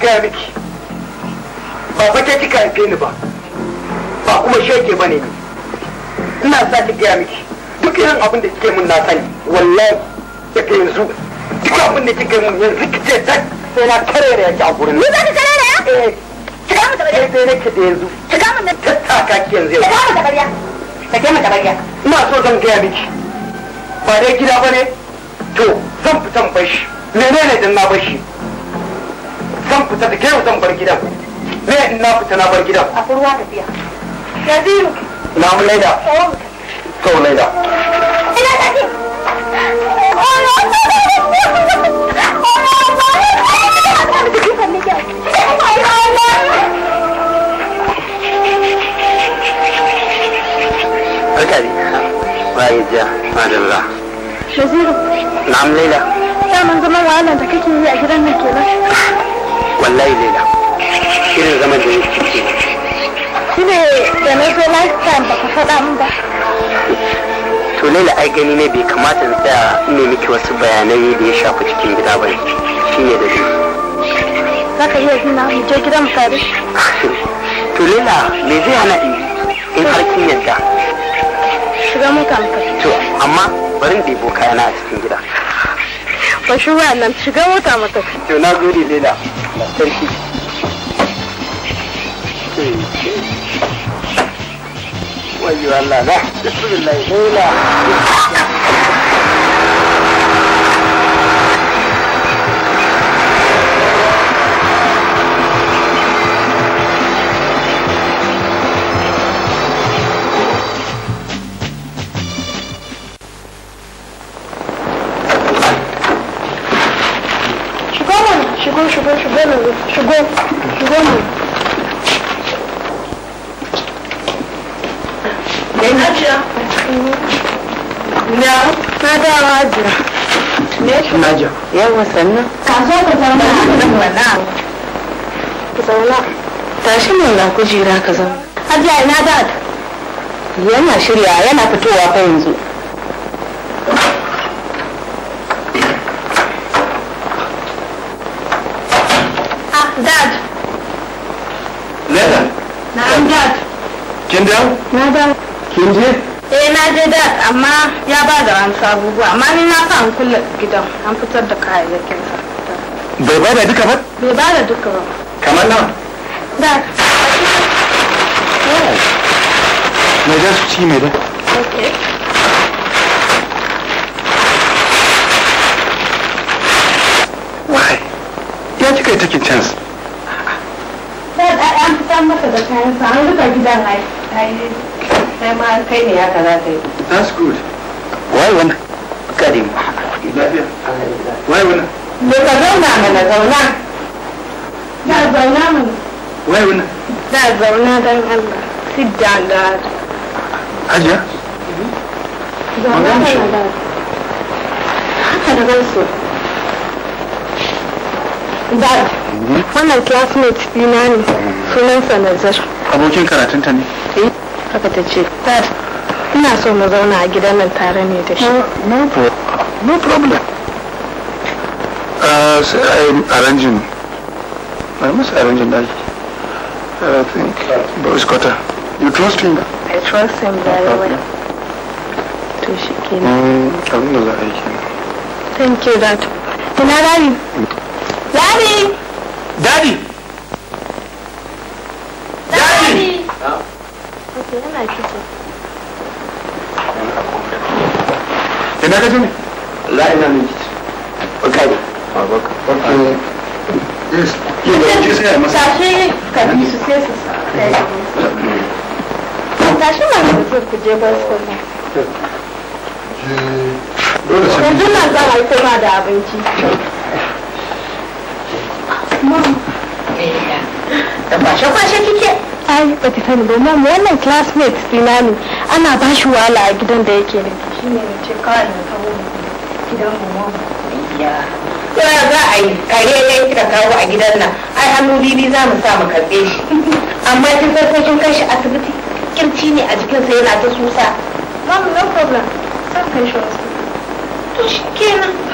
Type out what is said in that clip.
gaya miki ba fata kika haife ni ba ba kuma sheke bane ni ina sa ki gaya miki duk irin abin da kike mun na sani wallahi daga yanzu duk abin da kike mun yanzu kike ta sai na karere yake a gurin ni za ka karere ya eh ga mu bariya sai nake da yanzu ga mu na tattaka ki yanzu ga mu tabariya kiga mu bariya ina so zan gaya miki ba dai gida bane to zan fitan bashi menene dan na bashi zan fita da kai zan bar gidan me in na fita na bar gidan a ruwa da biya jaziru na mu laida to laida ina tafi jiya, Shaziru. Na'am Laila. Daman zaman wahalar da kake yi a gidan nan kenan. wallahi lela irin zaman da ya ciki shi ne da na zo last da ba ka faɗa min ba to lela ai gani ne bai kamata in tsaya in ne miki wasu bayanai da ya shafa cikin gida ba shi ne da shi za ka iya zina mu je gidan tare to lela me zai hana in in har kin yadda shiga mun kan to amma bari in ɗebo kayana a cikin gida ba shi wa'annan shiga mota mata to na gode lela na sarki wayo Allah na shigo shigo Tashi mun ga kujera ka zama. Yana shirya yana fitowa fa yanzu. kin dawo? Na dawo. Kin je? Eh na je da amma ya ba da an abubuwa amma ni na sa an kulle gidan an fitar da kayayyakin sa. Bai ba da duka ba? Bai ba da duka ba. Kamar nawa? Da. Me da su ci me da? Okay. Wai, ya kika kai takin chance. Da an fitar maka da kayan sa an rufe gidan ai. sai ma an kai ne haka za ka yi that's good wai wani kare mu lafiya wai wani da ka zauna mana zauna na zauna mana wai wani na zauna don Allah sit down da ajiya zauna mana haka da gansu Dad, wannan classmate dina ne sunansa Nazar. abokin karatun ta ne eh, haka ta ce ina so mu zauna a gidan nan tare ne da shi no problem ah, sai a yi arrangin a yi musu arrangin daki I think Boris Kota you trust him I trust him very well to shi kenan mm, abin da za a yi ke thank you dad ina daddy daddy daddy ina ka ne ne a bakari yes da tashi yanzu da abinci Kwashe-kwashe kike. ai ba ta sani ba mom wannan classmate dina ne ana ba shi wahala a gidan da yake da shine ne ce kawai na kawo gidan mu mom ya za a yi kare ne kika kawo a gidan nan ai hannu bibi za mu sa mu karbe shi amma kin farko kin kai shi asibiti kirci ne a jikin sa yana ta susa mom no problem zan kai shi asibiti to shikenan